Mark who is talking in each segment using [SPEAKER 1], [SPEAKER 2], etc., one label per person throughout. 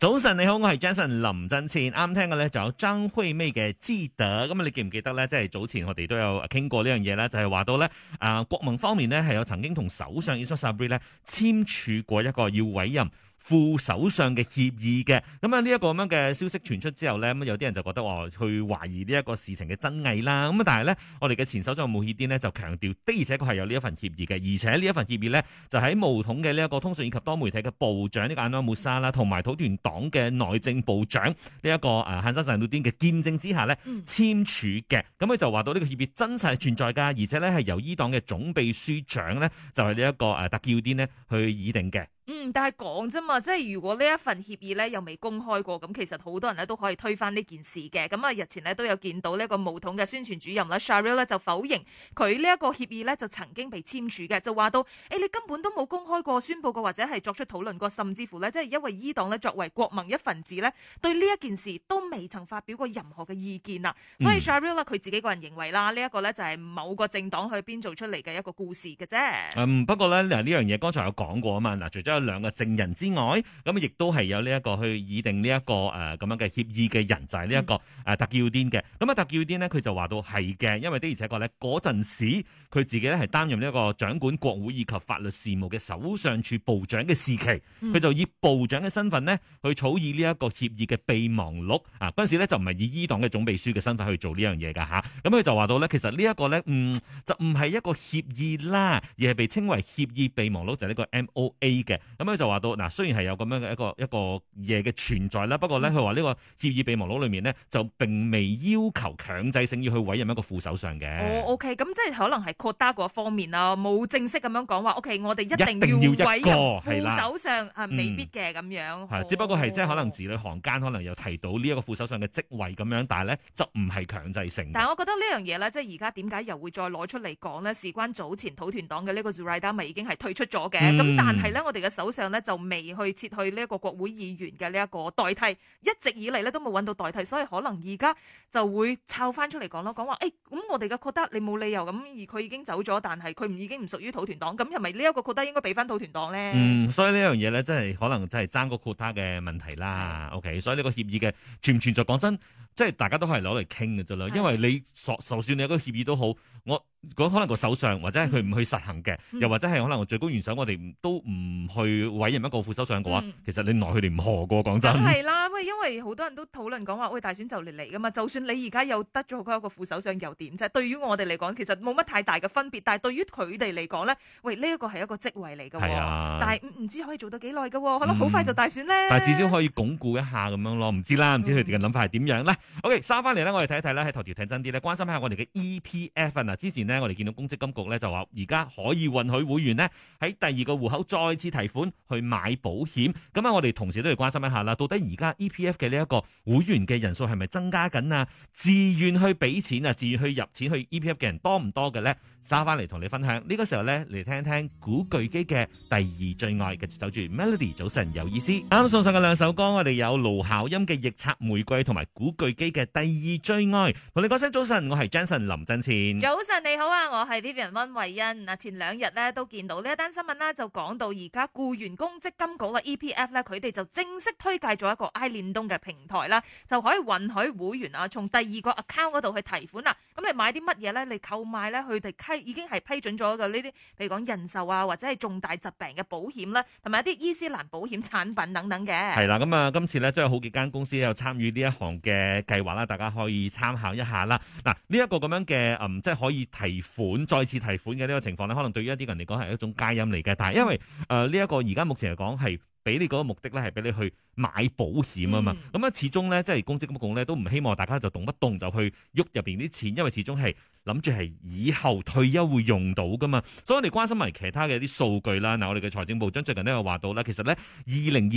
[SPEAKER 1] 早晨，你好，我係 Jason 林振倩，啱聽嘅咧就有張惠妹嘅《值得》，咁啊你記唔記得咧？即係早前我哋都有傾過呢樣嘢咧，就係、是、話到咧，啊、呃，國民方面咧係有曾經同首相 Ismail Sabri 咧簽署過一個要委任。副首相嘅協議嘅，咁啊呢一個咁樣嘅消息傳出之後咧，咁有啲人就覺得話去懷疑呢一個事情嘅真偽啦。咁但係咧，我哋嘅前首相穆罕丁呢，就強調，的而且確係有呢一份協議嘅，而且呢一份協議咧就喺巫統嘅呢一個通訊以及多媒體嘅部長呢個安拉穆沙啦，同埋土團黨嘅內政部長呢、這、一個誒肯生神努丁嘅見證之下咧簽署嘅。咁佢就話到呢個協議真實係存在㗎，而且咧係由伊黨嘅總秘書長咧就係呢一個誒、啊、特叫丁呢去擬定嘅。
[SPEAKER 2] 嗯，但係講啫嘛，即係如果呢一份協議呢又未公開過，咁其實好多人呢都可以推翻呢件事嘅。咁、嗯、啊，日前呢都有見到呢個武統嘅宣傳主任啦，Sharyl 咧就否認佢呢一個協議呢就曾經被簽署嘅，就話到誒、欸、你根本都冇公開過,宣布過、宣佈過或者係作出討論過，甚至乎呢，即係因為伊黨呢作為國盟一份子呢，對呢一件事都未曾發表過任何嘅意見啊。」所以 Sharyl 咧佢自己個人認為啦，呢、這、一個呢就係某個政黨去編造出嚟嘅一個故事嘅啫。
[SPEAKER 1] 不過、嗯、呢，嗱呢樣嘢剛才有講過啊嘛，嗱除咗。兩個證人之外，咁亦都係有呢一個去擬定呢、這、一個誒咁、呃、樣嘅協議嘅人就係呢一個誒特叫癲嘅，咁、嗯、啊特叫癲呢，佢就話到係嘅，因為的而且確咧嗰陣時佢自己咧係擔任呢一個掌管國會以及法律事務嘅首相署部長嘅時期，佢就以部長嘅身份呢，去草擬、啊、呢就不是做這個一個協議嘅備忘錄啊，嗰陣時咧就唔係以伊黨嘅總秘書嘅身份去做呢樣嘢噶吓，咁佢就話到咧其實呢一個咧嗯就唔係一個協議啦，而係被稱為協議備忘錄就係呢、是、個 M O A 嘅。咁佢就話到，嗱雖然係有咁樣嘅一個一個嘢嘅存在啦，不過咧佢話呢個協議備忘錄裏面呢，就並未要求強制性要去委任一個副首相嘅。哦
[SPEAKER 2] ，OK，咁即係可能係擴大嗰一方面啦，冇正式咁樣講話，OK，我哋一定要委任副首相啊的，未必嘅咁、嗯、
[SPEAKER 1] 樣。只不過係即係可能字裏行間可能有提到呢一個副首相嘅職位咁樣，但係咧就唔係強制性。
[SPEAKER 2] 但係我覺得呢樣嘢咧，即係而家點解又會再攞出嚟講咧？事關早前土團黨嘅呢個 Zuraida 咪已經係退出咗嘅，咁、嗯、但係咧我哋嘅。手上咧就未去撤去呢一個國會議員嘅呢一個代替，一直以嚟咧都冇揾到代替，所以可能而家就會抄翻出嚟講咯，講話誒，咁、欸、我哋嘅覺得你冇理由咁，而佢已經走咗，但係佢唔已經唔屬於土團黨，咁係咪呢一個覺得應該俾翻土團黨咧？嗯，
[SPEAKER 1] 所以呢樣嘢咧，真係可能真係爭個括 u 嘅問題啦。OK，所以呢個協議嘅存唔存在，講真。即係大家都係攞嚟傾嘅啫啦，因為你就算你有個協議都好，我講可能個首相或者係佢唔去實行嘅，又或者係可能我最高元首我哋都唔去委任一個副首相嘅話，嗯、其實你奈佢哋唔何過講真的。真係
[SPEAKER 2] 啦，喂，因為好多人都討論講話喂，大選就嚟嚟噶嘛，就算你而家又得咗好一個副首相又點啫？即係、對於我哋嚟講，其實冇乜太大嘅分別，但係對於佢哋嚟講咧，喂呢一個係一個職位嚟嘅，啊、但係唔知可以做到幾耐嘅，可能好快就大選咧、嗯。但至少
[SPEAKER 1] 可以鞏固一下咁樣咯，唔知啦，唔知佢哋嘅諗法係點樣咧？O.K.，三翻嚟咧，我哋睇一睇咧，喺頭條睇真啲咧，關心一下我哋嘅 E.P.F. 啊，之前呢，我哋見到公積金局咧就話，而家可以允許會員呢，喺第二個戶口再次提款去買保險。咁啊，我哋同時都要關心一下啦，到底而家 E.P.F. 嘅呢一個會員嘅人數係咪增加緊啊？自願去俾錢啊，自願去入錢去 E.P.F. 嘅人多唔多嘅咧？收翻嚟同你分享呢個時候咧，嚟聽一聽古巨基嘅《第二最愛》，跟住守住 Melody 早晨有意思。啱啱送上嘅兩首歌，我哋有盧巧音嘅《逆插玫瑰》同埋古巨基嘅《第二最愛》。同你講聲早晨，我係 Jensen 林振前。早
[SPEAKER 2] 晨你好啊，我係 Vivian 温慧欣。嗱，前兩日咧都見到呢一單新聞啦，就講到而家雇員公積金局啦 E P F 咧，佢哋就正式推介咗一個 i 聯動嘅平台啦，就可以允許會員啊從第二個 account 嗰度去提款啦。咁你買啲乜嘢咧？你購買咧，佢哋。已經係批准咗嘅呢啲，譬如講人壽啊，或者係重大疾病嘅保險啦、啊，同埋一啲伊斯蘭保險產品等等嘅。係啦，
[SPEAKER 1] 咁啊，今次咧即係好幾間公司有參與呢一行嘅計劃啦，大家可以參考一下啦。嗱、這個，呢一個咁樣嘅，即係可以提款、再次提款嘅呢個情況咧，可能對於一啲人嚟講係一種解陰嚟嘅，但係因為誒呢一個而家目前嚟講係。俾你嗰個目的咧，係俾你去買保險啊嘛。咁啊、嗯，始終咧，即係公積金局咧，都唔希望大家就動不動就去喐入面啲錢，因為始終係諗住係以後退休會用到噶嘛。所以我哋關心埋其他嘅一啲數據啦。嗱，我哋嘅財政部長最近都有話到啦，其實咧，二零二二年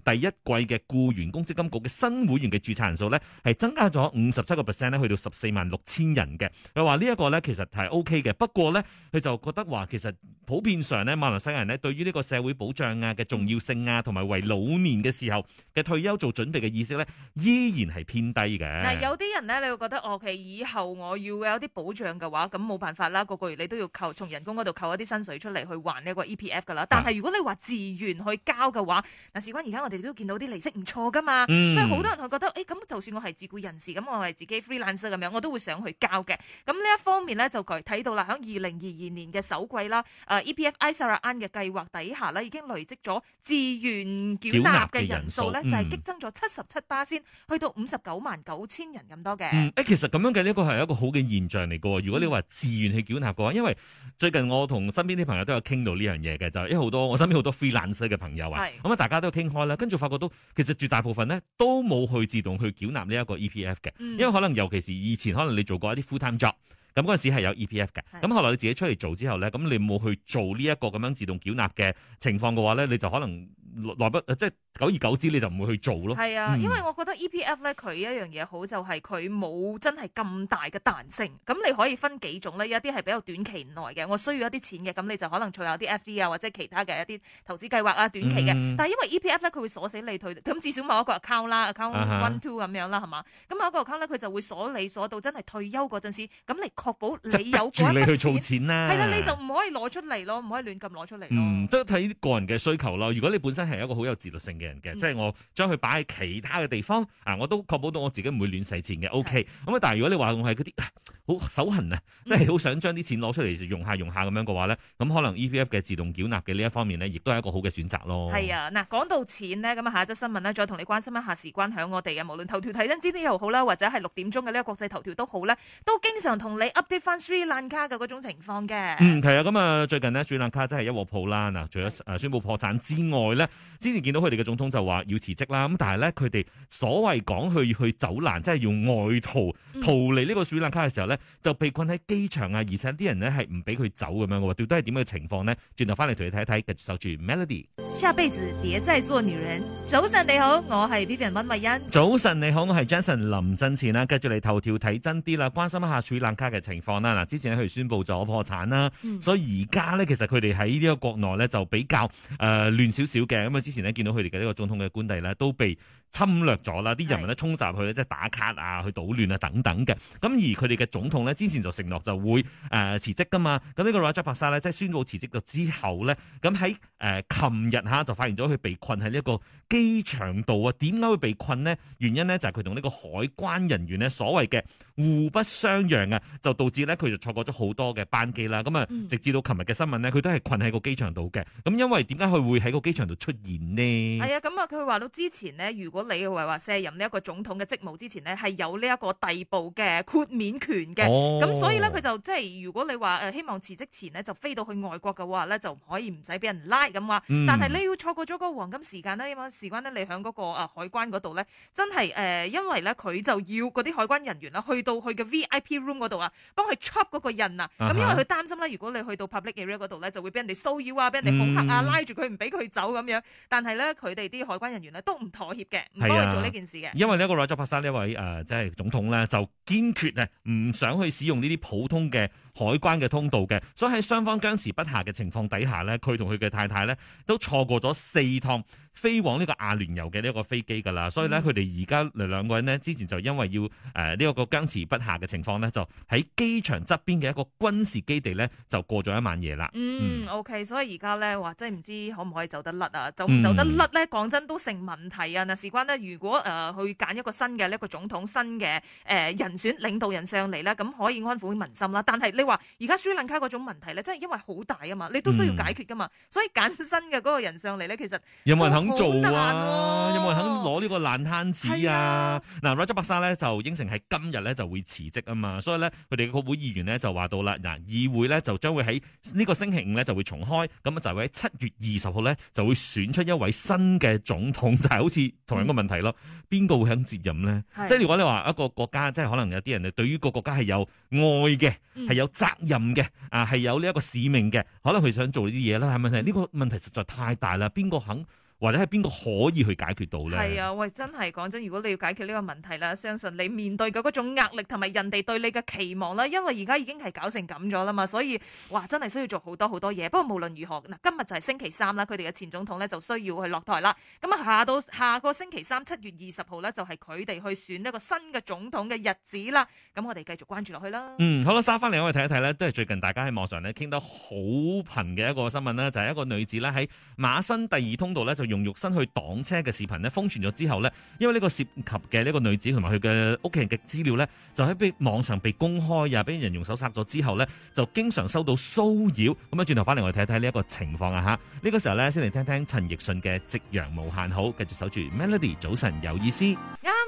[SPEAKER 1] 第一季嘅雇員公積金局嘅新會員嘅註冊人數咧，係增加咗五十七個 percent 去到十四萬六千人嘅。佢話呢一個咧，其實係 OK 嘅，不過咧，佢就覺得話其實普遍上咧，馬來西亞人咧，對於呢個社會保障啊嘅重要性啊、嗯。啊，同埋為老年嘅時候嘅退休做準備嘅意識咧，依然係偏低嘅。嗱，有
[SPEAKER 2] 啲人咧，你會覺得哦，其實以後我要有啲保障嘅話，咁冇辦法啦，個個月你都要扣從人工嗰度扣一啲薪水出嚟去還呢個 E P F 噶啦。但係如果你話自願去交嘅話，嗱、啊，事關而家我哋都見到啲利息唔錯噶嘛，嗯、所以好多人佢覺得誒，咁、欸、就算我係自雇人士，咁我係自己 freelancer 咁樣，我都會想去交嘅。咁呢一方面咧，就佢睇到啦，響二零二二年嘅首季啦，誒、呃、E P F i-Saraan 嘅計劃底下咧，已經累積咗至。原繳納嘅人數咧，就係激增咗七十七巴仙，去到五十九萬九千人咁多
[SPEAKER 1] 嘅。其實咁樣嘅呢個係一個好嘅現象嚟㗎。如果你話自願去繳納嘅話，因為最近我同身邊啲朋友都有傾到呢樣嘢嘅，就因為好多我身邊好多 free lance 嘅朋友啊，咁啊大家都傾開啦，跟住發覺都其實絕大部分咧都冇去自動去繳納呢一個 E P F 嘅，因為可能尤其是以前可能你做過一啲 full time job，咁嗰陣時係有 E P F 嘅，咁後來你自己出嚟做之後咧，咁你冇去做呢一個咁樣自動繳納嘅情況嘅話咧，你就可能。內來，不即係久而久之你就唔會去做
[SPEAKER 2] 咯。係啊，因為我覺得 E P F 咧佢一樣嘢，好就係佢冇真係咁大嘅彈性。咁你可以分幾種咧，有啲係比較短期內嘅，我需要一啲錢嘅，咁你就可能儲下啲 F D 啊或者其他嘅一啲投資計劃啊短期嘅。嗯、但係因為 E P F 咧佢會鎖死你退，咁至少某一個 account 啦 account one two 咁，啊，哈樣啦係嘛，咁某一個 account 咧佢就會鎖你鎖到真係退休嗰陣時，咁嚟確保你有嗰一筆錢。逼住你去
[SPEAKER 1] 儲錢啦，係啦，啊，你就唔
[SPEAKER 2] 可以攞出嚟咯，唔可以亂咁攞出嚟。嗯，
[SPEAKER 1] 都睇個人嘅需求啦。如果你本身真係一個好有自律性嘅人嘅，嗯、即係我將佢擺喺其他嘅地方啊，我都確保到我自己唔會亂使錢嘅。O K，咁啊，但係如果你話我係嗰啲好手痕啊，嗯、即係好想將啲錢攞出嚟用一下用一下咁樣嘅話咧，咁可能 E P F 嘅自動繳納嘅呢一方面呢，亦都係一個好嘅選擇咯是。
[SPEAKER 2] 係啊，嗱，講到錢咧，咁啊，下一則新聞咧，再同你關心一下時關響我哋嘅，無論頭條睇真知啲又好啦，或者係六點鐘嘅呢個國際頭條都好咧，都經常同你 update 翻斯里蘭卡嘅嗰種情況嘅。
[SPEAKER 1] 嗯，係啊，咁啊，最近呢，斯里蘭卡真係一鑊泡啦，嗱，除咗是的 宣布破產之外咧。之前見到佢哋嘅總統就話要辭職啦，咁但係咧佢哋所謂講去去走難，即係要外逃逃離呢個斯里蘭卡嘅時候咧，就被困喺機場啊，而且啲人咧係唔俾佢走咁樣嘅話，到底係點嘅情況呢？轉頭翻嚟同你睇一睇，繼續守住 Melody。
[SPEAKER 2] 下輩子別再做女人。早晨你好，我係呢邊温慧欣。
[SPEAKER 1] 早晨你好，我係 Jason 林振前啊，跟住嚟頭條睇真啲啦，關心一下斯里蘭卡嘅情況啦。嗱，之前佢哋宣布咗破產啦，所以而家咧其實佢哋喺呢個國內咧就比較誒、呃、亂少少嘅。咁啊，之前咧見到佢哋嘅呢個總統嘅官邸咧，都被侵略咗啦，啲人民咧衝入去即係打卡啊，去搗亂啊等等嘅。咁而佢哋嘅總統咧，之前就承諾就會誒辭職㗎嘛。咁呢個拉扎帕沙咧，即係宣告辭職咗之後咧，咁喺誒琴日吓就發現咗佢被困喺呢個機場度啊。點解會被困呢？原因呢就係佢同呢個海關人員呢所謂嘅互不相讓啊，就導致咧佢就錯過咗好多嘅班機啦。咁啊，直至到琴日嘅新聞呢，佢都係困喺個機場度嘅。咁因為點解佢會喺個機場度出現呢？
[SPEAKER 2] 係啊、哎，咁啊，佢話到之前呢，如果如果你話話卸任呢一個總統嘅職務之前呢，係有呢一個逮捕嘅豁免權嘅、oh. 嗯，咁所以咧佢就即係如果你話誒希望辭職前呢，就飛到去外國嘅話咧，就可以唔使俾人拉咁話。但係你要錯過咗個黃金時間咧，因為事關呢，你喺嗰個啊海關嗰度咧，真係誒、呃，因為咧佢就要嗰啲海關人員啦，去到佢嘅 V I P room 嗰度啊，幫佢 check 嗰個人啊。咁、uh huh. 因為佢擔心咧，如果你去到 public area 嗰度咧，就會俾人哋騷擾啊，俾人哋恐嚇、mm. 啊，拉住佢唔俾佢走咁樣。但係咧，佢哋啲海關人員咧都唔妥協嘅。唔幫啊，佢做呢件事嘅、啊，因為
[SPEAKER 1] 呢個拉扎帕沙呢位誒，即、呃、係、就是、總統咧，就堅決咧唔想去使用呢啲普通嘅海關嘅通道嘅，所以喺雙方僵持不下嘅情況底下咧，佢同佢嘅太太咧都錯過咗四趟。飛往呢個阿聯酋嘅呢一個飛機噶啦，所以咧佢哋而家兩兩個人呢，之前就因為要誒呢一個僵持不下嘅情況呢，就喺機場側邊嘅一個軍事基地呢，就過咗一晚夜啦。
[SPEAKER 2] 嗯，O、okay, K，所以而家呢，哇，真係唔知道可唔可以走得甩啊？走走得甩呢，講真都成問題啊！嗱、嗯，事關呢，如果誒、呃、去揀一個新嘅呢一個總統新嘅誒人選領導人上嚟呢，咁可以安撫民心啦。但係你話而家斯里蘭卡嗰種問題呢，真係因為好大啊嘛，你都需要解決噶嘛。嗯、所以揀新嘅嗰個人上嚟呢，其實因為。有肯做啊？啊有冇人
[SPEAKER 1] 肯攞呢個爛攤子啊？嗱、啊，拉扎柏沙咧就應承係今日咧就會辭職啊嘛，所以咧佢哋個會議員咧就話到啦，嗱議會咧就將會喺呢個星期五咧就會重開，咁啊就會喺七月二十號咧就會選出一位新嘅總統，就係、是、好似同樣個問題咯，邊個、嗯、會肯接任咧？是即係如果你話一個國家，即係可能有啲人誒，對於個國家係有愛嘅，係、嗯、有責任嘅，啊係有呢一個使命嘅，可能佢想做呢啲嘢啦，係咪先？呢、嗯、個問題實在太大啦，邊個肯？或者係邊個可以去解決到呢？係
[SPEAKER 2] 啊，喂，真係講真的，如果你要解決呢個問題啦，相信你面對嘅嗰種壓力同埋人哋對你嘅期望啦，因為而家已經係搞成咁咗啦嘛，所以哇，真係需要做好多好多嘢。不過無論如何，嗱，今日就係星期三啦，佢哋嘅前總統呢就需要去落台啦。咁啊，下到下個星期三七月二十號呢，就係佢哋去選一個新嘅總統嘅日子啦。咁我哋繼續關注落去啦。嗯，
[SPEAKER 1] 好啦，翻嚟我哋睇一睇呢。都係最近大家喺網上呢傾得好頻嘅一個新聞呢，就係、是、一個女子呢喺馬新第二通道呢。就。用肉身去擋車嘅視頻咧封存咗之後呢，因為呢個涉及嘅呢個女子同埋佢嘅屋企人嘅資料呢就喺被網上被公開啊，俾人用手殺咗之後呢就經常收到騷擾。咁樣轉頭翻嚟，我哋睇睇呢一個情況啊吓。呢個時候呢先嚟聽聽陳奕迅嘅《夕陽無限好》，繼續守住 Melody，早晨有意思。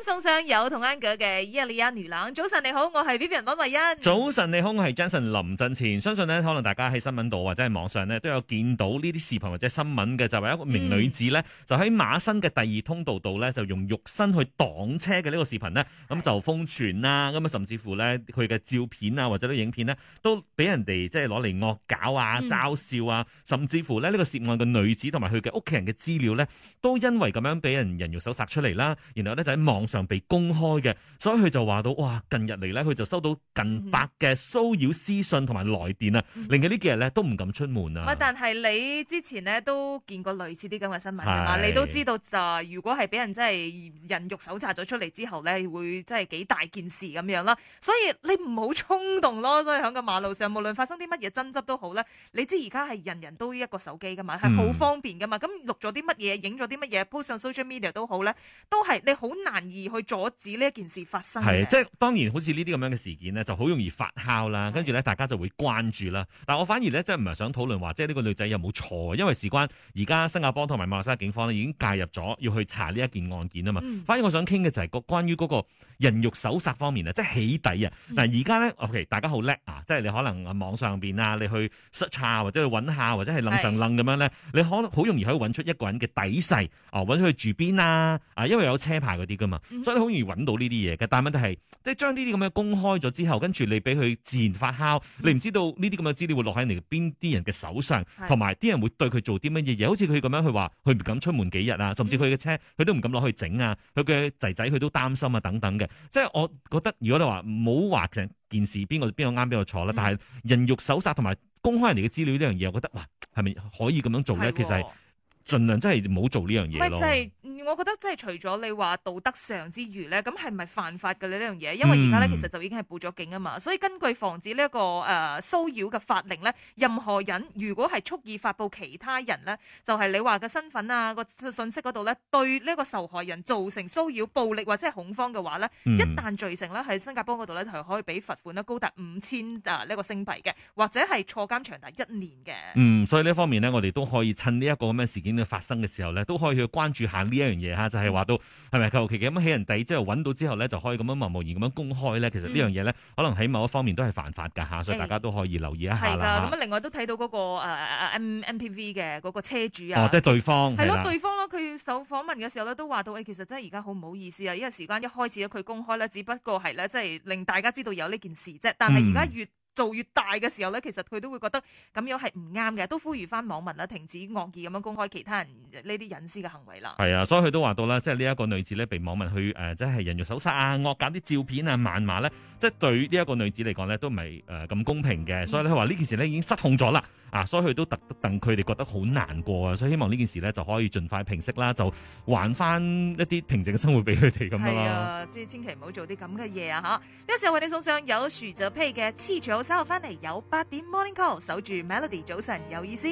[SPEAKER 2] 送上有同 Angle 嘅伊利亞女郎，早晨你好，我係 Vivian 溫慧欣。
[SPEAKER 1] 早晨你好，我係 Jason 林振前。相信呢，可能大家喺新聞度或者係網上呢都有見到呢啲視頻或者新聞嘅，就係、是、一名女子呢、嗯、就喺馬新嘅第二通道度呢，就用肉身去擋車嘅呢個視頻呢，咁的就瘋傳啦。咁啊，甚至乎呢，佢嘅照片啊或者啲影片呢、啊，都俾人哋即係攞嚟惡搞啊、嘲笑啊，嗯、甚至乎呢，呢、這個涉案嘅女子同埋佢嘅屋企人嘅資料呢，都因為咁樣俾人人肉搜殺出嚟啦。然後呢，就喺網。常被公開嘅，所以佢就話到哇，近日嚟咧，佢就收到近百嘅騷擾私信同埋來電啊，令佢呢幾日咧都唔敢出門啊。
[SPEAKER 2] 但係你之前咧都見過類似啲咁嘅新聞㗎嘛？是你都知道就如果係俾人真係人肉搜查咗出嚟之後咧，會真係幾大件事咁樣啦。所以你唔好衝動咯。所以喺個馬路上，無論發生啲乜嘢爭執都好咧，你知而家係人人都一個手機㗎嘛，係好方便㗎嘛。咁、嗯、錄咗啲乜嘢，影咗啲乜嘢，post 上 social media 都好咧，都係你好難以，而去阻止呢一件事發生，係即係
[SPEAKER 1] 當然，好似呢啲咁樣嘅事件呢，就好容易發酵啦。跟住咧，大家就會關注啦。但我反而咧，即係唔係想討論話，即係呢個女仔有冇錯？因為事關而家新加坡同埋馬來西亞警方咧已經介入咗，要去查呢一件案件啊嘛。嗯、反而我想傾嘅就係、是、個關於嗰個人肉搜索方面啊，即係起底啊。但係，而家咧，OK，大家好叻啊！即係你可能網上邊啊，你去 search，或者去揾下，或者係楞上楞咁樣咧，是你可好容易可以揾出一個人嘅底細啊，揾出去住邊啊，啊，因為有車牌嗰啲噶嘛。 所以好容易揾到呢啲嘢嘅，但問題係，即係將呢啲咁嘅公開咗之後，跟住你俾佢自然發酵，嗯、你唔知道呢啲咁嘅資料會落喺你邊啲人嘅手上，同埋啲人會對佢做啲乜嘢嘢？好似佢咁樣去話，佢唔敢出門幾日啊，甚至佢嘅車佢都唔敢攞去整啊，佢嘅仔仔佢都擔心啊，等等嘅。即係我覺得如果你話唔好話成件事邊個邊個啱邊個錯啦，嗯、但係人肉搜殺同埋公開人哋嘅資料呢樣嘢，我覺得哇，係咪可以咁樣做咧？的其實係。儘量真係唔好做呢樣嘢。唔係，即
[SPEAKER 2] 係我覺得即係除咗你話道德上之餘那是不是呢，咁係咪犯法嘅呢樣嘢？因為而家呢，其實就已經係報咗警啊嘛。所以根據防止呢、這、一個誒、呃、騷擾嘅法令呢，任何人如果係蓄意發布其他人呢，就係、是、你話嘅身份啊、那個信息嗰度呢，對呢一個受害人造成騷擾、暴力或者係恐慌嘅話呢，嗯、一旦罪成呢，喺新加坡嗰度呢，就可以俾罰款呢高達五千啊呢個星幣嘅，或者係坐監長達一年嘅。
[SPEAKER 1] 嗯，所以呢方面呢，我哋都可以趁呢一個咁嘅事件，發生嘅時候咧，都可以去關注一下呢一樣嘢哈，就係、是、話到係咪求其咁起人哋，即係揾到之後咧，就可以咁樣無無言咁樣公開咧。其實呢樣嘢咧，嗯、可能喺某一方面都係犯法噶吓，所以大家都可以留意一下係㗎，咁
[SPEAKER 2] 另外都睇到嗰、那個誒 MMPV 嘅嗰個車主啊，即係、哦就是、對方係咯，對方咯，佢受訪問嘅時候咧都話到，誒，其實真係而家好唔好意思啊，呢個時間一開始佢公開咧，只不過係咧，即係令大家知道有呢件事啫，但係而家越嗯做越大嘅時候咧，其實佢都會覺得咁樣係唔啱嘅，都呼籲翻網民啦，停止惡意咁樣公開其他人呢啲隱私嘅行為啦。
[SPEAKER 1] 係啊，所以佢都話到啦，即係呢一個女子咧，被網民去誒、呃就是啊啊，即係人肉搜殺啊，惡搞啲照片啊，謾罵咧，即係對呢一個女子嚟講咧，都唔係誒咁公平嘅。所以咧，佢話呢件事咧已經失控咗啦。嗯啊！所以佢都特登佢哋覺得好難過啊！所以希望呢件事咧就可以盡快平息啦，就還翻一啲平靜嘅生活俾佢哋咁咯。即
[SPEAKER 2] 係千祈唔好做啲咁嘅嘢啊！吓。呢個時候為你送上有薯就批嘅次早稍後翻嚟有八點 morning call，守住 melody 早晨有意思。